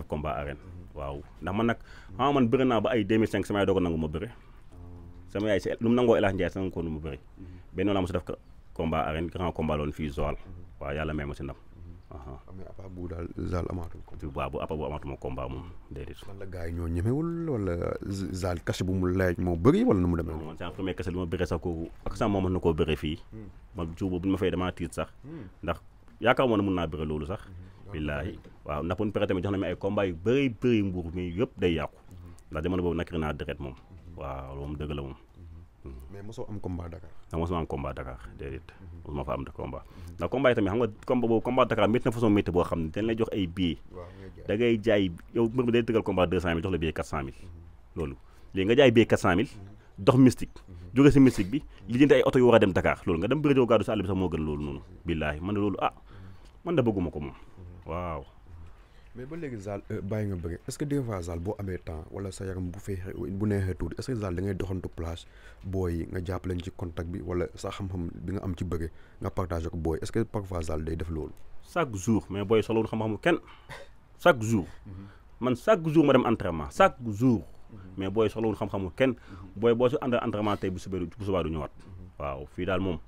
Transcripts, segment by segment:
def combat arène waaw ndax ma nag xam ah, man bëri naa ba ay 2005 sama yaay doo ko nangu ma bëri sama yaay si lu mu nangoo El Hadj Ndiaye sama ko nu mu bëri benn laa ma si def combat arène grand combat loon fii Joal waaw yàlla may ma si ndam. Ah, mais Apa bu daal Zal amaatul combat. waaw bu Apa yi ñoo ñemewul wala Zal bu mu laaj moo bëri wala nu mu demee. man sama premier kese li ma bëree sax kooku ak sama moom mën na koo bëree fii. Hmm. ma jiw boobu bu ma fay damaa tiit sax. Hmm. ndax yaakaar moon ne mun naa bëri loolu sax. Hmm. billaahi waaw nappoon pere tamit jox na mi ay combat yu bëri bëri mbuur mi yëpp day yàqu ndax jamono boobu nakri naa deret moom mhm. waaw loolu moom dëgg la moom mhm. Mhm. mais mosoo am combat Dakar. ndax mosuma am combat Dakar déedéet. mosuma tamit xam nga combat boobu combat Dakar métti na façon métti boo xam ne dañ lay jox ay billets. jaay yow mbir mi day tëggal combat 200000 jox la billet 400000. dox mystique. jóge si mystique bi li jënd ay oto yu war a dem Dakar loolu nga dem bëri jox gàddu si àll bi sax moo gën loolu noonu. billaahi man de loolu ah man da bëgguma ko moom. waaw. mais ba léegi Zal euh, bàyyi nga bëgg est-ce que des fois Zal boo amee temps wala sa yaram bu feexee bu neexee tuuti est-ce que Zal da ngay doxantu place booy yi nga jàpp leen ci contact bi wala sa xam-xam bi nga am ci bëgg nga partagé ko booy est-ce que parfois Zal day def loolu. chaque jour mais booy solo xam-xamu kenn chaque jour. Mhm. man chaque jour ma dem entraînement chaque jour. Mhm. mais booy soxlawul xam-xamu kenn mhm. booy boo si àndal entraînement tey bu subee bu subaa du ñëwaat. waaw fii daal moom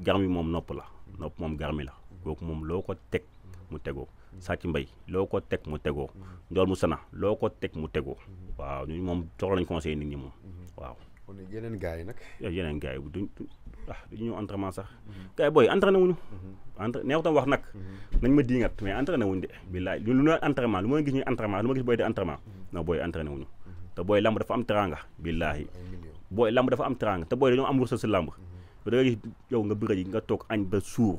garmi moom nopp la nopp moom garmi la kooku moom loo ko teg mu tegoo sàcc mbay loo ko teg mu tegoo mhm. njool mu sana loo ko teg mu tegoo mhm. waaw ñu moom soxla nañ conseil nit ñi moom mhm. waaw kon yeneen gars yi nag yeneen gars yi duñ ah duñu ñëw entraînement sax gars yi booy entraîné wuñu entra neexu tam wax nag nañ ma diingat mais entraîné wuñu de billaay lu ñu entraînement lu ma gis ñuy entraînement lu ma gis booy de entraînement non booy entraîné wuñu te booy lamb dafa am teraanga billaahi booy lamb dafa am teraanga te booy dañoo am wërsëg si lamb da nga gis yow nga bëre nga toog añ ba suur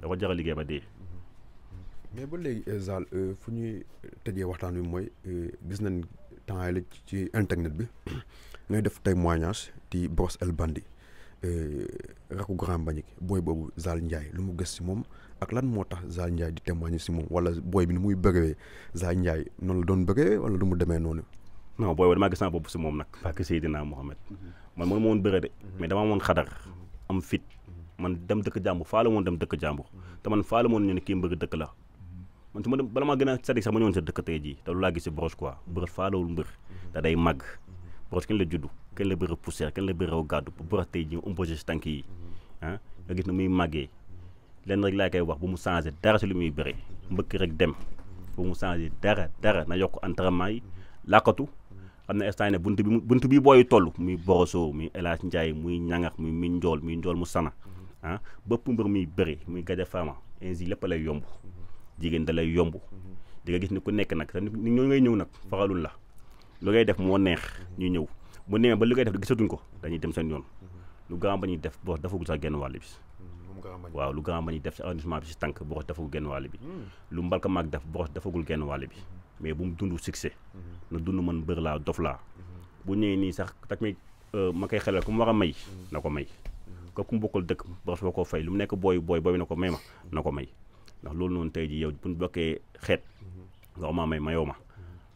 dafa ko jaral liggéey ba dee. mais ba léegi euh, Zal euh, fu ñuy tëjee waxtaan bi mooy euh, gis nañ temps la ci internet bi ngay def témoignage ci Bross El Bandit rakku Grand Mbagnick booy boobu Zal Ndiaye lu mu gës si moom ak lan moo tax Zal Ndiaye di témoigner si moom wala booy bi nu muy bëggee Zal Ndiaye noonu la doon bëggee wala lu mu demee noonu. non booy boobu damaa gis naa bopp si moom nag. parce que Seydina Mohamed mhm. man mënuma woon bëre de. Mhm. mais dama amoon xadar mhm. am fi man dem dëkk jàmbur faala moon dem dëkk jàmbur mhm. te man faala moon ñu ne kii mbëgg dëkk la mhm. man su ma dem bala maa gën a sadi sax ma ñëwoon sa dëkk tey jii te lu laa gis si broche quoi broche faalawul mbër mhm. te day màgg broche kenn la juddu kenn la bëre poussière kenn la bëre raw gàddu broche tey jii omposé si tànk yi ah nga gis ne muy màggee lenn rek laa koy wax bu mu changé dara si li muy bëre mbëkk rek dem bu mu changé dara dara na yokk entraînement yi làkkatu xam ne instant ne bunt bi bunt bi booy toll muy Boroso muy El Hadj Ndiaye muy ñangax muy min njool muy njool mu sana ah bëpp mbër muy bëri muy gaja faama ainsi lépp lay yomb jigéen da lay yomb di nga gis ni ku nekk nag te ni ñoo ngay ñëw nag faxalul la lu ngay def moo neex ñu ñëw bu neexee ba lu ngay def gisatuñ ko dañuy dem seen yoon lu grand ba ñuy def boo dafagul sax genn wàll bis waaw lu grand ba ñuy def si arrondissement bi si tànk boo dafagul genn wàll bi lu mbalka maag def boo dafagul genn wàll bi mais bu mu dund succès na dund man bër laa dof laa bu nii sax tak mi euh, ma koy xelal ku mu war a may na ko may ko ku mu bokkal dëkk ba soo koo fay lu mu nekk booy booy booy na ko may ma na ko may ndax loolu noonu tey ji yow bu ñu bokkee xeet nga xam may mayoo ma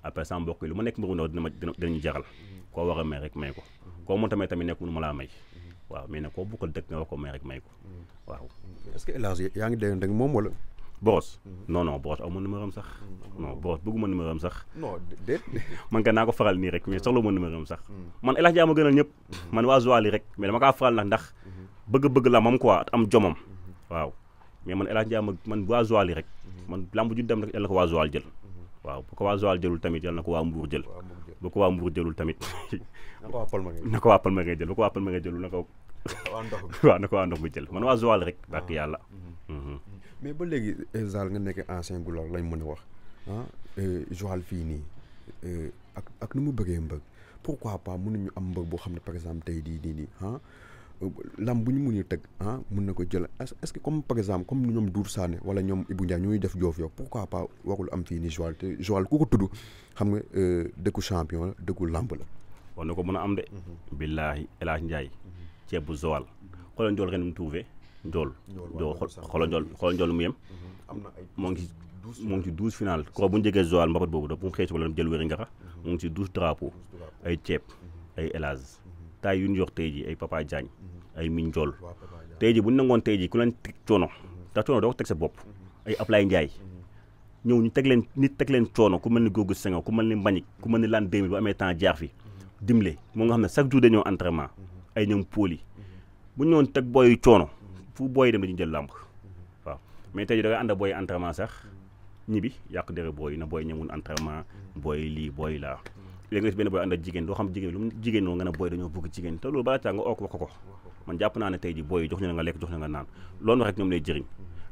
après sama mbokk yi lu ma nekk mbiru ndaw dina ma dinañu jaral koo war a may rek may ko koo mënta may tamit nekkul ma laa may waaw mais nag koo bokkal dëkk nga war ko may rek may ko waaw. est-ce yaa ngi dégg moom wala. boos mhm. non non aw ma numéro am sax mhm, non boos bëgguma numéro am sax non déet man kat naa ko faral nii rek mais mhm. soxla ma numéro am sax man El Hadj Dia ma gënal ñëpp man waa Joal rek bëgg la mam quoi am jomam waaw mais man El ma man waa man lamb ju dem rek yàlla na ko waa Joal jël waaw bu ko waa Joal jëlul tamit yàlla na ko waa Mbour jël bu ko waa Mbour jëlul tamit na ko waa Palmarin jël bu ko waa ndox mi jël man waa Joal rek bàkk ah. yàlla mais ba léegi eh, Zal nga nekk ancien Goulart lañ mën a wax ah eh, Joal fii nii eh, ak ak nu mu bëggee mbëgg pourquoi pas ñu am mbëgg boo xam ne par exemple tey di nii nii ah lam bu ñu mun a tëgg ah, mun na ko jël est-ce comme par exemple comme ñoom Dour Sané wala ñoom Ibou ñu ñooy def joof yow pourquoi pas warul am fii nii Joal te Joal ku ko tudd xam nga dëkku champion la dëkku lamb la. war ko mën a am de. Mhm. billaahi El Hadj Ndiaye. Mhm. ceeb bu Joal. xoolal Ndiol ren mu tuufee. njool do xoolal njool xoolal njool mu yem moo ngi ci moo ngi ci douze final ko bu ñu jógee Joal mbapat boobu da bu mu xëy si wala jël wéri ngara moo mhm. ngi ci douze drapeau ay ceeb mhm. ay elage mhm. tay yu ñu jox tey ji ay Papa Diagne ay min njool tey ji bu ñu nangoon tey ji ku leen teg coono ndax coono doo ko teg sa bopp ay Ablaye Ndiaye ñëw ñu teg leen nit teg leen coono ku mel ni Gogo Senghor ku mel ni Mbagnick ku mel ni Lane 2000 bu amee temps jaar fi dimle moo nga xam ne chaque jour dañoo entraînement a ñoom yi bu ñu teg booy coono fu booy dem dañuy jël làmb waaw mais tey da ngay ànd ak booy entraînement sax ñibi yàq dere booy na booy ñemul entraînement booy lii booy laa léegi nga si benn jigéen doo xam jigéen lu mu jigéen noo nga ne booy dañoo bëgg jigéen te loolu balaa caa nga ok wax ko man jàpp naa ne la nga lekk jox ñu la nga naan loolu wax rek ñoom lay jëriñ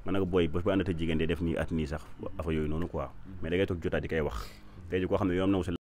man nag booy ba ba ànd jigéen day def nii at nii sax afa yooyu noonu quoi mais da ngay jotaat di koy wax tey ji koo xam